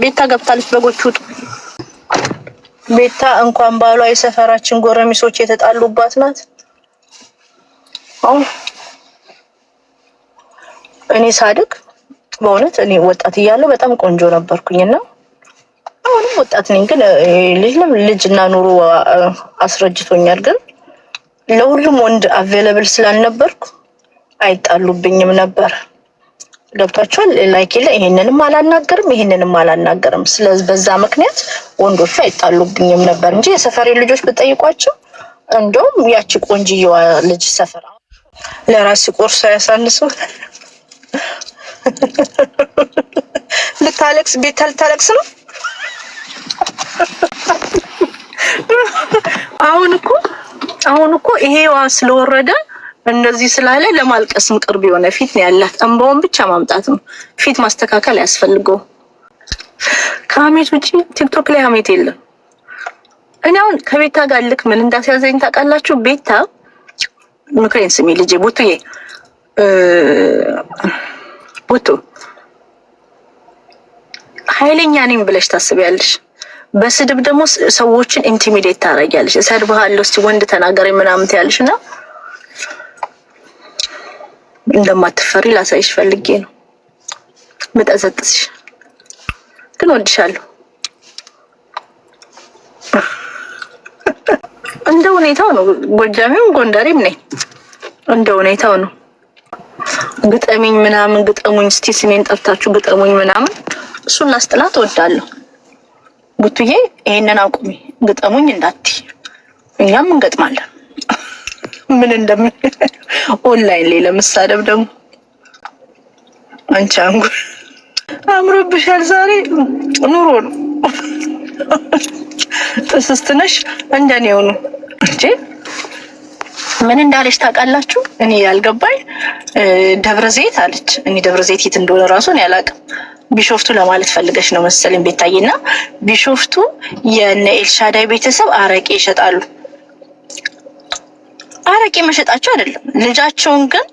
ቤታ ገብታለች። በጎች ውጡ። ቤታ እንኳን ባሏ የሰፈራችን ጎረሚሶች የተጣሉባት ናት። እኔ ሳድግ በእውነት እኔ ወጣት እያለሁ በጣም ቆንጆ ነበርኩኝና አሁንም ወጣት ነኝ፣ ግን ልጅ ልጅና ኑሮ አስረጅቶኛል። ግን ለሁሉም ወንድ አቬለብል ስላልነበርኩ አይጣሉብኝም ነበር። ገብቷቸዋል። ላይክ ላይ ይሄንንም አላናገርም ይሄንንም አላናገርም። ስለዚህ በዛ ምክንያት ወንዶቹ አይጣሉብኝም ነበር እንጂ የሰፈሬ ልጆች ብጠይቋቸው እንደውም ያቺ ቆንጅየዋ ልጅ ሰፈራ ለራስ ቆርሶ ያሳንሱ ልታለቅስ ቤታ ልታለቅስ ነው። አሁን እኮ አሁን እኮ ይሄዋ ስለወረደ እንደዚህ ስላለ ለማልቀስም ቅርብ የሆነ ፊት ነው ያላት። እንባውን ብቻ ማምጣት ነው። ፊት ማስተካከል አያስፈልገው። ከሀሜት ውጭ ቲክቶክ ላይ ሀሜት የለም። እኔ አሁን ከቤታ ጋር ልክ ምን እንዳስያዘኝ ታውቃላችሁ? ቤታ ምክሬን ስሚ ልጄ ቦቱዬ ቦቱ ኃይለኛ ነኝ ብለሽ ታስቢያለሽ። በስድብ ደግሞ ሰዎችን ኢንቲሚዴት ታደርጊያለሽ። እሰድብሃለሁ እስኪ ወንድ ተናገረኝ ምናምን ትያለሽ እና እንደማትፈሪ ላሳይሽ ፈልጌ ነው መጠዘጥስሽ። ግን ወድሻለሁ እንደ ሁኔታው ነው። ጎጃሜም ጎንደሬም ነኝ፣ እንደ ሁኔታው ነው። ግጠሚኝ ምናምን ግጠሙኝ፣ እስቲ ስሜን ጠርታችሁ ግጠሙኝ ምናምን እሱን ላስጥላት እወዳለሁ። ቡቱዬ ይሄንን አቁሚ፣ ግጠሙኝ እንዳትይ፣ እኛም እንገጥማለን። ምን እንደም ኦንላይን ላይ ለመሳደብ ደግሞ አንቺ አንጉል አምሮብሻል። ዛሬ ኑሮ ነው ጥስስትነሽ እንደኔ ሆኑ እንጂ ምን እንዳለች ታውቃላችሁ? እኔ ያልገባኝ ደብረ ዘይት አለች። እኔ ደብረ ዘይት የት እንደሆነ ራሱ እኔ አላውቅም። ቢሾፍቱ ለማለት ፈልገሽ ነው መሰለኝ ቤታዬና ቢሾፍቱ የነ ኤልሻዳይ ቤተሰብ አረቄ ይሸጣሉ። አረቄ መሸጣቸው አይደለም። ልጃቸውን ግን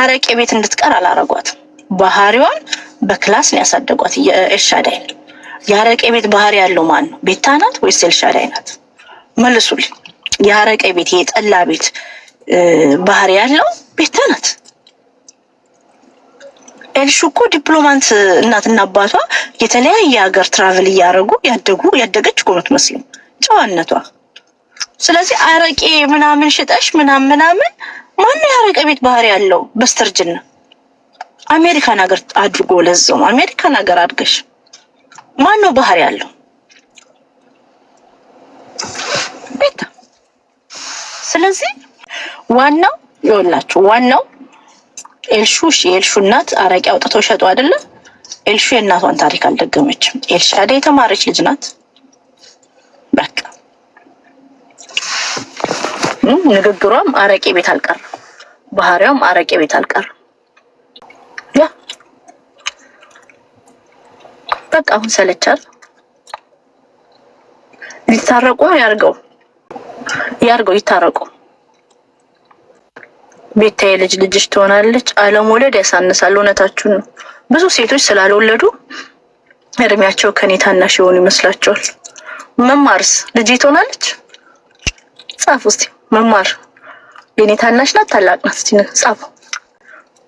አረቄ ቤት እንድትቀር አላረጓትም። ባህሪዋን በክላስ ነው ያሳደጓት። የኤልሻዳይ ነው የአረቄ ቤት ባህሪ ያለው ማን ነው? ቤታ ናት ወይስ ኤልሻዳይ ናት? መልሱልኝ። የአረቄ ቤት የጠላ ቤት ባህሪ ያለው ቤታ ናት። ኤልሹ እኮ ዲፕሎማንት እናትና አባቷ የተለያየ ሀገር ትራቭል እያደረጉ ያደጉ ያደገች እኮ ነው የምትመስለው ጨዋነቷ ስለዚህ አረቄ ምናምን ሽጠሽ ምናምን ምናምን ማን የአረቄ ቤት ባህሪ ያለው በስተርጅና አሜሪካን ሀገር አድርጎ ለዘው አሜሪካን ሀገር አድርገሽ ነው ባህሪ ያለው? ቤታ ስለዚህ ዋናው ይወላችሁ ዋናው ኤልሹ እሺ፣ ኤልሹ እናት አረቄ አውጥቶ ሸጡ አይደለ? ኤልሹ የእናቷን ታሪክ አልደገመችም። ኤልሻዳ የተማረች ልጅ ናት። በቃ ንግግሯም አረቄ ቤት አልቀር፣ ባህሪያውም አረቄ ቤት አልቀር። ያ በቃ አሁን ሰለቻል። ሊታረቁ ያርገው ያርገው ይታረቁ። ቤታ ልጅ ልጅሽ ትሆናለች። አለመውለድ ያሳንሳል። እውነታችሁን ነው። ብዙ ሴቶች ስላልወለዱ እድሜያቸው ከኔ ታናሽ የሆኑ ይመስላቸዋል። መማርስ ልጅ ትሆናለች። ጻፍ ውስጥ መማር የኔ ታናሽ ናት ታላቅ ናት? እስቲ ጻፉ፣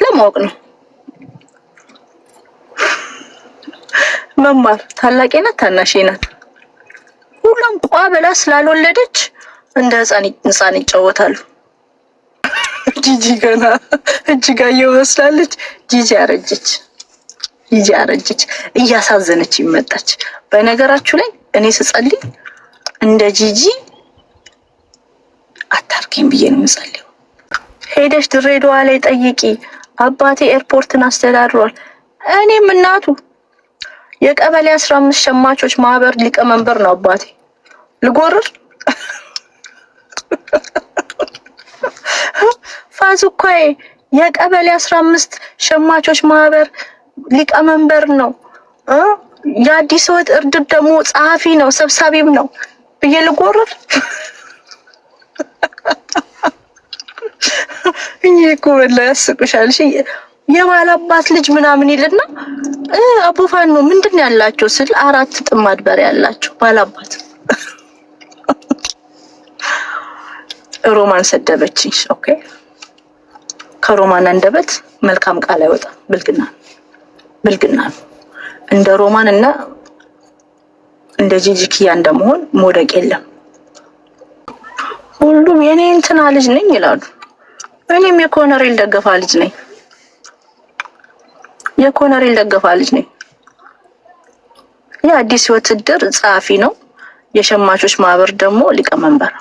ለማወቅ ነው። መማር ታላቄ ናት ታናሽ ናት? ሁሉም ቋ ብላ ስላልወለደች እንደ ህፃን ህፃን ይጫወታሉ። ጂጂ ገና እጅጋየሁ መስላለች። ጂጂ አረጀች፣ ጂጂ አረጀች፣ እያሳዘነች ይመጣች። በነገራችሁ ላይ እኔ ስጸልይ እንደ ጂጂ እንድትባርኪኝ ብዬ ነው የምጸልየው። ሄደሽ ድሬዳዋ ላይ ጠይቂ። አባቴ ኤርፖርትን አስተዳድሯል። እኔም እናቱ የቀበሌ አስራ አምስት ሸማቾች ማህበር ሊቀመንበር ነው አባቴ። ልጎርር ፋዙኳዬ የቀበሌ አስራ አምስት ሸማቾች ማህበር ሊቀመንበር ነው። የአዲስ ወጥ እርድ ደግሞ ጸሐፊ ነው፣ ሰብሳቢም ነው ብዬ ልጎርር እኔ እኮ ወላሂ ያስቁሻል። እሺ አባት ልጅ ምናምን ይልና አቦፋን ነው ምንድን ያላቸው ስል አራት ጥማድ በሬ ያላቸው አባት ሮማን ሰደበችኝ። ኦኬ ከሮማን አንደበት መልካም ቃል አይወጣም። ብልግና ብልግና ነው። እንደ ሮማን እና እንደ ጂጂክያ እንደመሆን መውደቅ የለም። ሁሉም የኔ እንትና ልጅ ነኝ ይላሉ። እኔም የኮነሬል ደገፋ ልጅ ነኝ፣ የኮነሬል ደገፋ ልጅ ነኝ። የአዲስ ህይወት እድር ጸሐፊ ነው፣ የሸማቾች ማህበር ደግሞ ሊቀመንበር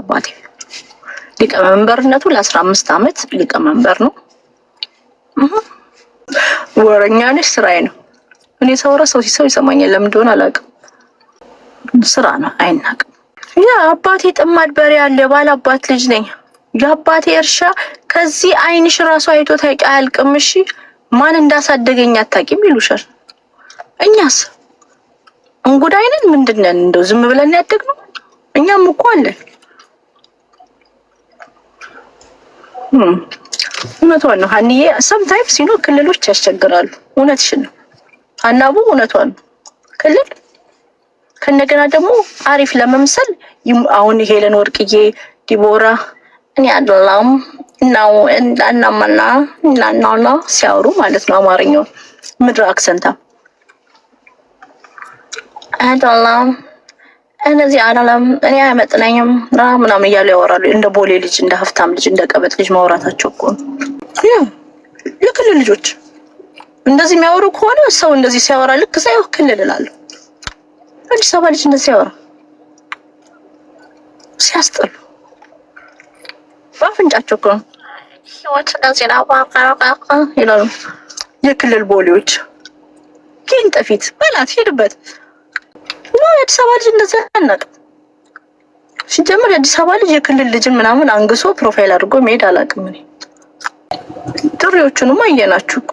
አባቴ ሊቀመንበርነቱ ለአስራ አምስት አመት ሊቀመንበር ነው። ወረኛ ነሽ ስራዬ ነው። እኔ ሰውረ ሰው ሲሰው ይሰማኛል። ለምን እንደሆነ አላውቅም። ስራ ነው አይናቅ ያ አባቴ ጥማድ በሬ ያለ ባል አባት ልጅ ነኝ። የአባቴ እርሻ ከዚህ አይንሽ ራሱ አይቶ አያልቅም። እሺ ማን እንዳሳደገኝ አታውቂም ይሉሻል። እኛስ እንጉዳይነን ነን ምንድን ነን? እንደው ዝም ብለን ያደግነው እኛም እኮ አለን። እውነቷን ነው ሀኒዬ። ሰምታይምስ ሲኖ ክልሎች ያስቸግራሉ። እውነትሽን ነው አናቡ፣ እውነቷን ነው ክልል ከእንደገና ደግሞ አሪፍ ለመምሰል አሁን ሄለን ወርቅዬ፣ ዲቦራ እኔ አላም እናው እናማና እናናና ሲያወሩ ማለት ነው አማርኛው ምድር አክሰንታ አላም እነዚህ አላም እኔ አይመጥነኝም ና ምናምን እያሉ ያወራሉ። እንደ ቦሌ ልጅ፣ እንደ ሀብታም ልጅ፣ እንደ ቀበጥ ልጅ ማውራታቸው እኮ ነው። ልጆች እንደዚህ የሚያወሩ ከሆነ ሰው እንደዚህ ሲያወራ ልክ ሳይ ክልል እላለሁ። አዲስ አበባ ልጅ እንደዚህ ያወራ ሲያስጠሉ በአፍንጫቸው እኮ ህይወት እንደዚህ ይላሉ። የክልል ቦሌዎች ግን ጠፊት በላት ሄድበት ነው። የአዲስ አበባ ልጅ እንደዚህ አናውቅም። ሲጀምር የአዲስ አበባ ልጅ የክልል ልጅን ምናምን አንግሶ ፕሮፋይል አድርጎ መሄድ አላውቅም እኔ። ጥሪዎቹንማ እየናችሁ እኮ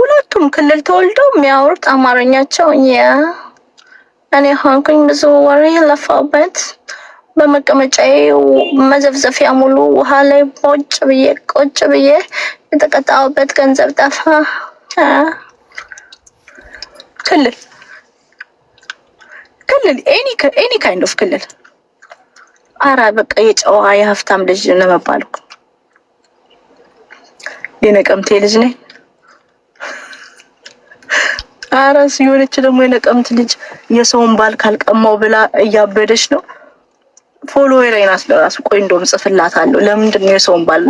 ሁለቱም ክልል ተወልደው የሚያወሩት አማርኛቸው ያ እኔ ሆንኩኝ ብዙ ወሬ የለፋውበት በመቀመጫዬ መዘፍዘፊያ ሙሉ ውሃ ላይ ቆጭ ብዬ ቆጭ ብዬ የተቀጣሁበት ገንዘብ ጠፋ። ክልል ክልል ኤኒ ካይንድ ኦፍ ክልል። አረ በቃ የጨዋ የሀብታም ልጅ ነው መባልኩ የነቀምቴ ልጅ ነኝ። ኧረ የሆነች ደግሞ የነቀምት ልጅ የሰውን ባል ካልቀማው ብላ እያበደች ነው። ላይ ናት ለራሱ። ቆይ እንደውም ጽፍላታለሁ። ለምንድን ነው የሰውን ባል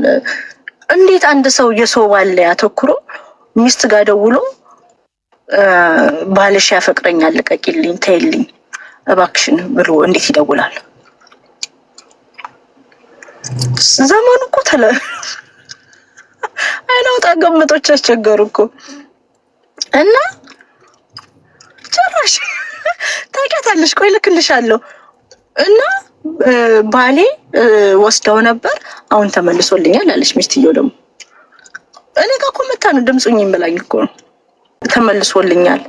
እንዴት አንድ ሰው የሰው ባል ላይ አተኩሮ ሚስት ጋር ደውሎ ባልሽ ያፈቅረኛል፣ ልቀቂልኝ፣ ተይልኝ እባክሽን ብሎ እንዴት ይደውላል? ዘመኑ እኮ ተለ አይናውጣ ገምጦች አስቸገሩ እኮ እና ልክልሽ፣ ቆይ ልክልሻለሁ። እና ባሌ ወስደው ነበር አሁን ተመልሶልኛል አለች ሚስትየው። ደግሞ እኔ ጋር እኮ መታ ነው ድምፁኝ ይመላኝ እኮ ነው ተመልሶልኛል።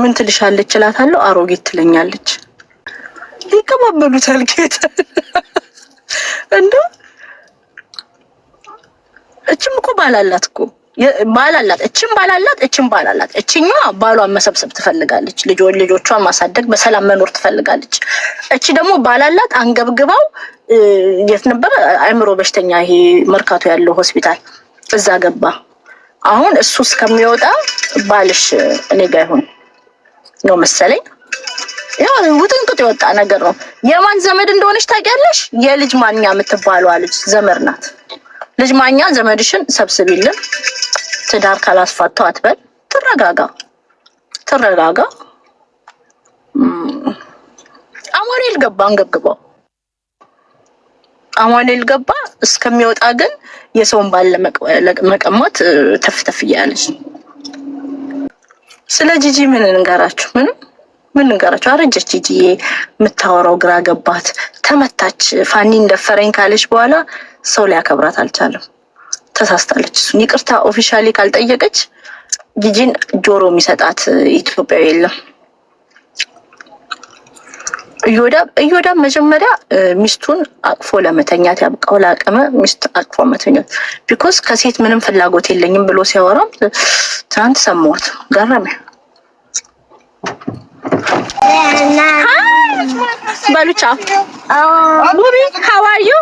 ምን ትልሻለች እላታለሁ። አሮጌት ትለኛለች። ይቀባበሉታል ጌታ እንዶ እችም እኮ ባላላት እኮ ባላላት አላት፣ እችም እችን ባላላት እችም እችኛ ባሏን መሰብሰብ ትፈልጋለች፣ ልጆቿን ማሳደግ፣ በሰላም መኖር ትፈልጋለች። እች ደግሞ ባላላት አንገብግባው የት ነበረ? አእምሮ በሽተኛ ይሄ መርካቶ ያለው ሆስፒታል እዛ ገባ። አሁን እሱ እስከሚወጣ ባልሽ እኔ ጋ ይሁን ነው መሰለኝ። ያው ውጥንቅጥ የወጣ ነገር ነው። የማን ዘመድ እንደሆነች ታውቂያለሽ? የልጅ ማንኛ የምትባሏ ልጅ ዘመድ ናት። ልጅ ማኛ ዘመድሽን ሰብስቢልን። ትዳር ካላስፋታው አትበል። ትረጋጋ ትረጋጋ። አሞሌል ገባ አንገብግበው። አሞሌል ገባ እስከሚወጣ ግን የሰውን ባል መቀማት ተፍተፍ እያለች። ስለ ጂጂ ምን እንገራችሁ? ምንም ምን እንገራችሁ? አረጀች ጂጂዬ፣ የምታወራው ግራ ገባት፣ ተመታች። ፋኒ እንደፈረኝ ካለች በኋላ ሰው ሊያከብራት አልቻለም። ተሳስታለች። እሱን ይቅርታ ኦፊሻሊ ካልጠየቀች ጂጂን ጆሮ የሚሰጣት ኢትዮጵያዊ የለም። እዮዳ መጀመሪያ ሚስቱን አቅፎ ለመተኛት ያብቃው። ላቀመ ሚስት አቅፎ መተኛት ቢኮዝ ከሴት ምንም ፍላጎት የለኝም ብሎ ሲያወራም ትናንት ሰማሁት። ገረመ በሉቻ ቡቢ ሀዋዩ